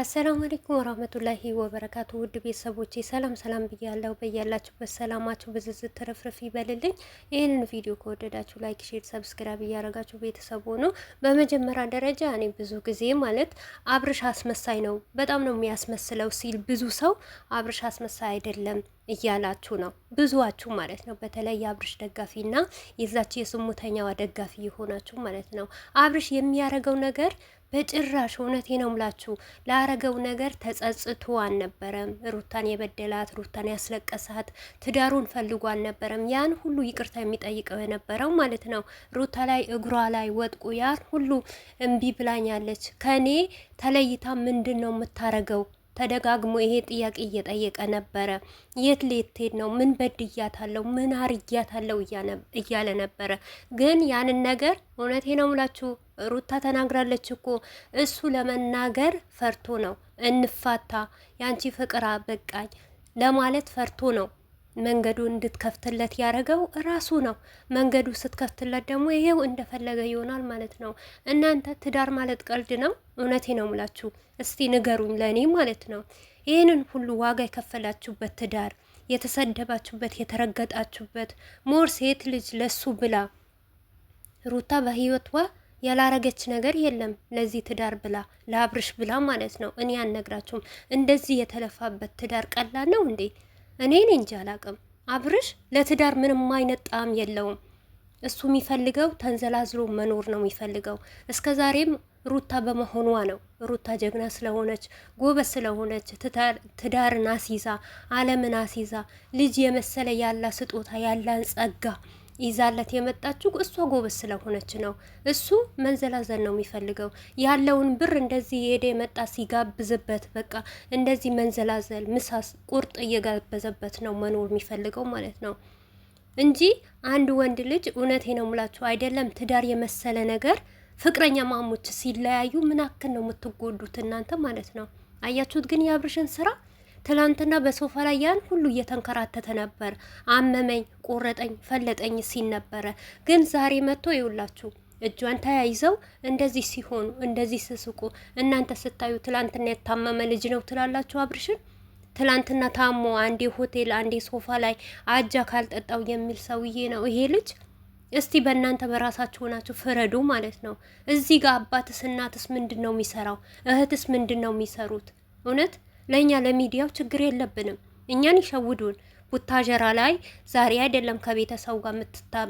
አሰላሙ አለይኩም ወራህመቱላሂ ወበረካቱ ውድ ቤተሰቦቼ ሰላም ሰላም ብያለሁ። በያላችሁበት ሰላማችሁ ብዝዝት ትርፍርፍ ይበልልኝ። ይህንን ቪዲዮ ከወደዳችሁ ላይክ፣ ሼር፣ ሰብስክራይብ እያረጋችሁ ቤተሰብ ሆኖ በመጀመሪያ ደረጃ እኔ ብዙ ጊዜ ማለት አብርሽ አስመሳይ ነው፣ በጣም ነው የሚያስመስለው ሲል ብዙ ሰው አብርሽ አስመሳይ አይደለም እያላችሁ ነው ብዙዋችሁ ማለት ነው። በተለይ የአብርሽ ደጋፊና የዛች የስሙተኛዋ ደጋፊ የሆናችሁ ማለት ነው አብርሽ የሚያረገው ነገር በጭራሽ እውነቴ ነው ምላችሁ ላረገው ነገር ተጸጽቶ አልነበረም። ሩታን የበደላት ሩታን ያስለቀሳት ትዳሩን ፈልጎ አልነበረም። ያን ሁሉ ይቅርታ የሚጠይቀው የነበረው ማለት ነው። ሩታ ላይ እግሯ ላይ ወጥቁ ያን ሁሉ እምቢ ብላኛለች ከኔ ተለይታ ምንድን ነው የምታረገው ተደጋግሞ ይሄ ጥያቄ እየጠየቀ ነበረ። የት ልትሄድ ነው? ምን በድያታለሁ? ምን አርጊያታለሁ? እያለ ነበረ። ግን ያንን ነገር እውነቴ ነው ምላችሁ ሩታ ተናግራለች እኮ እሱ ለመናገር ፈርቶ ነው። እንፋታ፣ ያንቺ ፍቅር አበቃኝ ለማለት ፈርቶ ነው መንገዱ እንድትከፍትለት ያደረገው ራሱ ነው። መንገዱ ስትከፍትለት ደግሞ ይሄው እንደፈለገ ይሆናል ማለት ነው። እናንተ ትዳር ማለት ቀልድ ነው? እውነቴ ነው ምላችሁ እስቲ ንገሩኝ፣ ለእኔ ማለት ነው። ይህንን ሁሉ ዋጋ የከፈላችሁበት ትዳር፣ የተሰደባችሁበት፣ የተረገጣችሁበት ሞር ሴት ልጅ ለሱ ብላ ሩታ በህይወቷ ያላረገች ነገር የለም። ለዚህ ትዳር ብላ ለአብርሽ ብላ ማለት ነው። እኔ አልነግራችሁም። እንደዚህ የተለፋበት ትዳር ቀላል ነው እንዴ? እኔ እንጂ አላቅም። አብርሽ ለትዳር ምንም አይነት ጣዕም የለውም። እሱ የሚፈልገው ተንዘላዝሎ መኖር ነው የሚፈልገው። እስከ ዛሬም ሩታ በመሆኗ ነው። ሩታ ጀግና ስለሆነች ጎበዝ ስለሆነች ትዳርን አስይዛ ዓለምን አስይዛ ልጅ የመሰለ ያላ ስጦታ ያላን ጸጋ ይዛለት የመጣችው እሷ ጎበዝ ስለሆነች ነው። እሱ መንዘላዘል ነው የሚፈልገው ያለውን ብር እንደዚህ የሄደ የመጣ ሲጋብዝበት፣ በቃ እንደዚህ መንዘላዘል፣ ምሳስ ቁርጥ እየጋበዘበት ነው መኖር የሚፈልገው ማለት ነው እንጂ አንድ ወንድ ልጅ እውነቴ ነው ሙላችሁ አይደለም ትዳር የመሰለ ነገር ፍቅረኛ ማሞች ሲለያዩ ምን ያክል ነው የምትጎዱት እናንተ ማለት ነው። አያችሁት ግን የአብርሽን ስራ ትላንትና በሶፋ ላይ ያን ሁሉ እየተንከራተተ ነበር። አመመኝ፣ ቆረጠኝ፣ ፈለጠኝ ሲል ነበረ። ግን ዛሬ መጥቶ ይውላችሁ እጇን ተያይዘው እንደዚህ ሲሆኑ እንደዚህ ስስቁ። እናንተ ስታዩ ትላንትና የታመመ ልጅ ነው ትላላችሁ አብርሽን ትላንትና ታሞ አንዴ ሆቴል አንዴ ሶፋ ላይ አጃ ካልጠጣው የሚል ሰውዬ ነው ይሄ ልጅ። እስቲ በእናንተ በራሳችሁ ሆናችሁ ፍረዱ ማለት ነው። እዚህ ጋር አባትስ እናትስ ምንድን ነው የሚሰራው? እህትስ ምንድን ነው የሚሰሩት? እውነት ለእኛ ለሚዲያው ችግር የለብንም። እኛን ይሸውዱን። ቡታጀራ ላይ ዛሬ አይደለም ከቤተሰቡ ጋር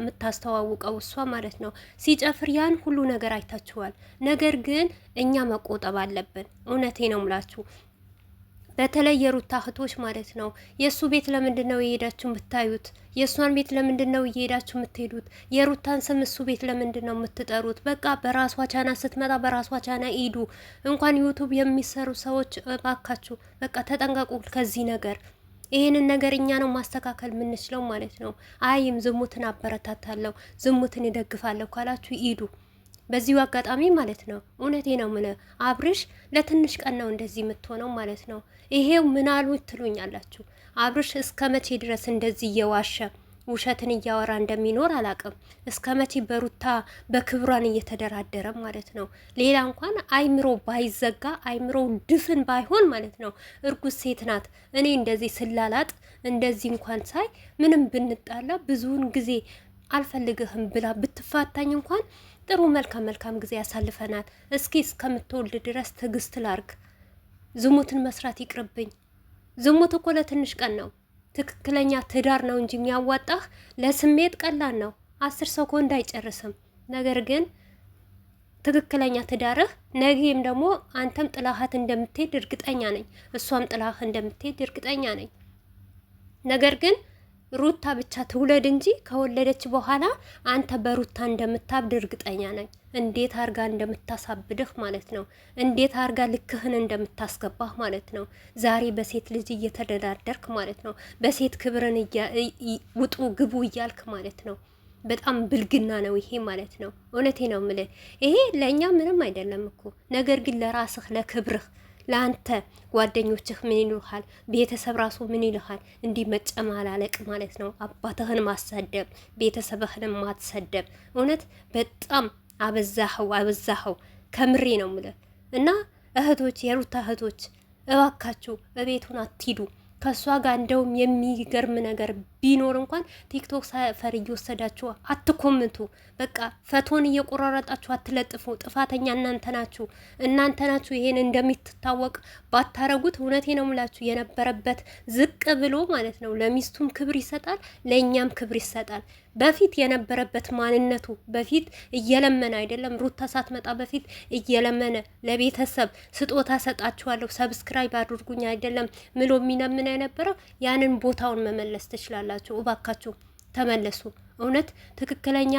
የምታስተዋውቀው እሷ ማለት ነው። ሲጨፍር ያን ሁሉ ነገር አይታችኋል። ነገር ግን እኛ መቆጠብ አለብን። እውነቴ ነው ምላችሁ በተለይ የሩታ እህቶች ማለት ነው። የእሱ ቤት ለምንድን ነው የሄዳችሁ የምታዩት? የእሷን ቤት ለምንድን ነው እየሄዳችሁ የምትሄዱት? የሩታን ስም እሱ ቤት ለምንድን ነው የምትጠሩት? በቃ በራሷ ቻና ስትመጣ በራሷ ቻና ሂዱ። እንኳን ዩቱብ የሚሰሩ ሰዎች እባካችሁ በቃ ተጠንቀቁ ከዚህ ነገር። ይህንን ነገር እኛ ነው ማስተካከል የምንችለው ማለት ነው። አይም ዝሙትን አበረታታለሁ፣ ዝሙትን ይደግፋለሁ ካላችሁ ሂዱ። በዚሁ አጋጣሚ ማለት ነው እውነቴ ነው ምን አብርሽ ለትንሽ ቀን ነው እንደዚህ የምትሆነው ማለት ነው። ይሄው ምን አሉ ትሉኛላችሁ። አብርሽ እስከ መቼ ድረስ እንደዚህ እየዋሸ ውሸትን እያወራ እንደሚኖር አላቅም። እስከ መቼ በሩታ በክብሯን እየተደራደረ ማለት ነው። ሌላ እንኳን አይምሮ ባይዘጋ አይምሮ ድፍን ባይሆን ማለት ነው። እርጉዝ ሴት ናት። እኔ እንደዚህ ስላላጥ እንደዚህ እንኳን ሳይ ምንም ብንጣላ ብዙውን ጊዜ አልፈልግህም ብላ ብትፋታኝ እንኳን ጥሩ መልካም መልካም ጊዜ ያሳልፈናል። እስኪ እስከምትወልድ ድረስ ትዕግስት ላርግ። ዝሙትን መስራት ይቅርብኝ። ዝሙት እኮ ለትንሽ ቀን ነው። ትክክለኛ ትዳር ነው እንጂ የሚያዋጣህ ለስሜት ቀላል ነው። አስር ሰኮንድ አይጨርስም። ነገር ግን ትክክለኛ ትዳርህ ነገም ደግሞ አንተም ጥላሃት እንደምትሄድ እርግጠኛ ነኝ፣ እሷም ጥላህ እንደምትሄድ እርግጠኛ ነኝ። ነገር ግን ሩታ ብቻ ትውለድ እንጂ ከወለደች በኋላ አንተ በሩታ እንደምታብድ እርግጠኛ ነኝ። እንዴት አርጋ እንደምታሳብድህ ማለት ነው። እንዴት አርጋ ልክህን እንደምታስገባህ ማለት ነው። ዛሬ በሴት ልጅ እየተደራደርክ ማለት ነው። በሴት ክብርን ውጡ ግቡ እያልክ ማለት ነው። በጣም ብልግና ነው ይሄ ማለት ነው። እውነቴ ነው ምልህ ይሄ ለእኛ ምንም አይደለም እኮ ነገር ግን ለራስህ ለክብርህ ለአንተ ጓደኞችህ ምን ይልሃል? ቤተሰብ ራሱ ምን ይልሃል? እንዲህ መጨማላለቅ ማለት ነው። አባትህን ማሰደብ፣ ቤተሰብህንም ማትሰደብ። እውነት በጣም አበዛኸው፣ አበዛኸው። ከምሬ ነው ምለ እና እህቶች፣ የሩታ እህቶች እባካችሁ እቤቱን አትሂዱ። ከእሷ ጋር እንደውም የሚገርም ነገር ቢኖር እንኳን ቲክቶክ ሰፈር እየወሰዳችሁ አትኮምቱ። በቃ ፈቶን እየቆራረጣችሁ አትለጥፉ። ጥፋተኛ እናንተ ናችሁ፣ እናንተ ናችሁ። ይሄን እንደሚትታወቅ ባታረጉት፣ እውነቴ ነው የምላችሁ የነበረበት ዝቅ ብሎ ማለት ነው። ለሚስቱም ክብር ይሰጣል፣ ለእኛም ክብር ይሰጣል። በፊት የነበረበት ማንነቱ በፊት እየለመነ አይደለም፣ ሩታ ሳትመጣ በፊት እየለመነ ለቤተሰብ ስጦታ ሰጣችኋለሁ፣ ሰብስክራይብ አድርጉኝ አይደለም ምሎ የሚለምነ የነበረው ያንን ቦታውን መመለስ ትችላላችሁ። እባካችሁ ተመለሱ። እውነት ትክክለኛ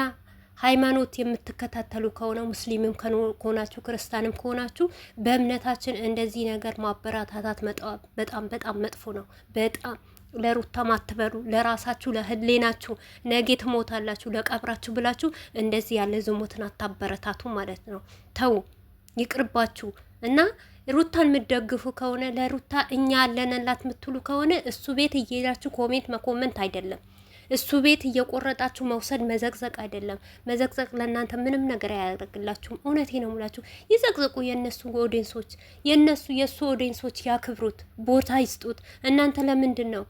ሃይማኖት የምትከታተሉ ከሆነ ሙስሊምም ከሆናችሁ ክርስቲያንም ከሆናችሁ በእምነታችን እንደዚህ ነገር ማበረታታት በጣም በጣም መጥፎ ነው። በጣም ለሩታ አትበሉ። ለራሳችሁ ለህሌናችሁ ነገ ትሞታላችሁ ለቀብራችሁ ብላችሁ እንደዚህ ያለ ዝሙትን አታበረታቱ ማለት ነው። ተው፣ ይቅርባችሁ። እና ሩታን የምትደግፉ ከሆነ ለሩታ እኛ ያለንላት የምትሉ ከሆነ እሱ ቤት እየሄዳችሁ ኮሜንት መኮመንት አይደለም እሱ ቤት እየቆረጣችሁ መውሰድ መዘቅዘቅ አይደለም። መዘቅዘቅ ለእናንተ ምንም ነገር አያደርግላችሁም። እውነቴ ነው ሙላችሁ ይዘቅዘቁ። የእነሱ ኦዲንሶች የእነሱ የእሱ ኦዲንሶች ያክብሩት፣ ቦታ ይስጡት። እናንተ ለምንድን ነው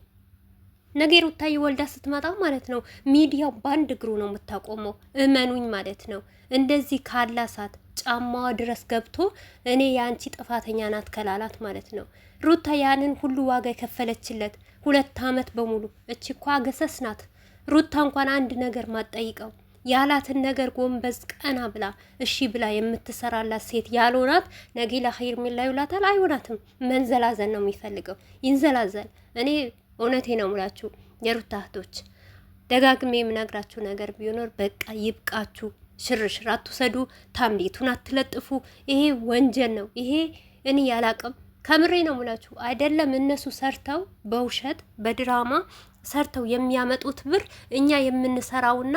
ነገ ሩታ ወልዳ ስትመጣ ማለት ነው ሚዲያው በአንድ እግሩ ነው የምታቆመው። እመኑኝ ማለት ነው እንደዚህ ካላሳት ጫማዋ ድረስ ገብቶ እኔ የአንቺ ጥፋተኛ ናት ከላላት ማለት ነው። ሩታ ያንን ሁሉ ዋጋ የከፈለችለት ሁለት አመት በሙሉ እች እኳ ገሰስ ናት። ሩታ እንኳን አንድ ነገር ማጠይቀው ያላትን ነገር ጎንበዝ ቀና ብላ እሺ ብላ የምትሰራላት ሴት ያልሆናት ነገ ለኸይር ሚላ ይውላታል። አይሆናትም። መንዘላዘል ነው የሚፈልገው፣ ይንዘላዘል። እኔ እውነቴ ነው ሙላችሁ የሩታ እህቶች፣ ደጋግሜ የምነግራችሁ ነገር ቢኖር በቃ ይብቃችሁ። ሽርሽር አትውሰዱ፣ ታምሌቱን አትለጥፉ። ይሄ ወንጀል ነው። ይሄ እኔ ያላቅም ከምሬ ነው ምላችሁ አይደለም። እነሱ ሰርተው በውሸት በድራማ ሰርተው የሚያመጡት ብር እኛ የምንሰራውና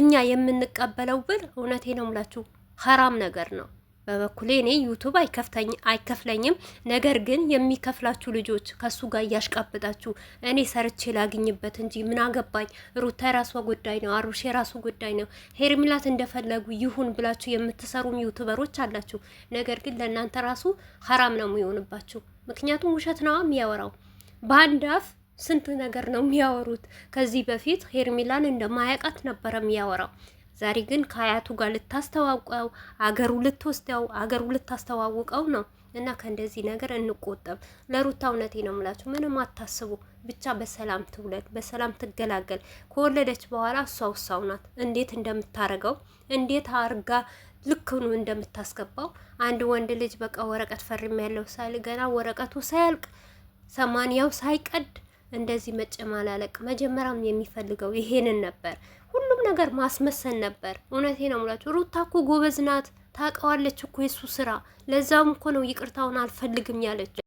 እኛ የምንቀበለው ብር እውነቴ ነው ምላችሁ ሀራም ነገር ነው። በበኩሌ እኔ ዩቱብ አይከፍለኝም። ነገር ግን የሚከፍላችሁ ልጆች ከሱ ጋር እያሽቃበጣችሁ እኔ ሰርቼ ላግኝበት እንጂ ምን አገባኝ። ሩታ የራሷ ጉዳይ ነው፣ አሩሽ የራሱ ጉዳይ ነው። ሄርሚላት እንደፈለጉ ይሁን ብላችሁ የምትሰሩም ዩቱበሮች አላችሁ። ነገር ግን ለእናንተ ራሱ ሀራም ነው የሚሆንባችሁ። ምክንያቱም ውሸት ነዋ የሚያወራው በአንድ አፍ ስንት ነገር ነው የሚያወሩት። ከዚህ በፊት ሄርሚላን እንደማያውቃት ነበረ የሚያወራው። ዛሬ ግን ከአያቱ ጋር ልታስተዋውቀው አገሩ ልትወስደው አገሩ ልታስተዋውቀው ነው። እና ከእንደዚህ ነገር እንቆጠብ። ለሩታ እውነቴ ነው የምላችሁ፣ ምንም አታስቡ። ብቻ በሰላም ትውለድ፣ በሰላም ትገላገል። ከወለደች በኋላ እሷ ውሳው ናት። እንዴት እንደምታረገው እንዴት አርጋ ልክኑ እንደምታስገባው አንድ ወንድ ልጅ በቃ ወረቀት ፈርም ያለው ሳል ገና ወረቀቱ ሳያልቅ ሰማንያው ሳይቀድ እንደዚህ መጨማላለቅ። መጀመሪያም የሚፈልገው ይሄንን ነበር። ሁሉም ነገር ማስመሰል ነበር። እውነቴ ነው ሙላችሁ። ሩታ እኮ ጎበዝ ናት፣ ታውቀዋለች እኮ የሱ ስራ። ለዛም እኮ ነው ይቅርታውን አልፈልግም ያለች።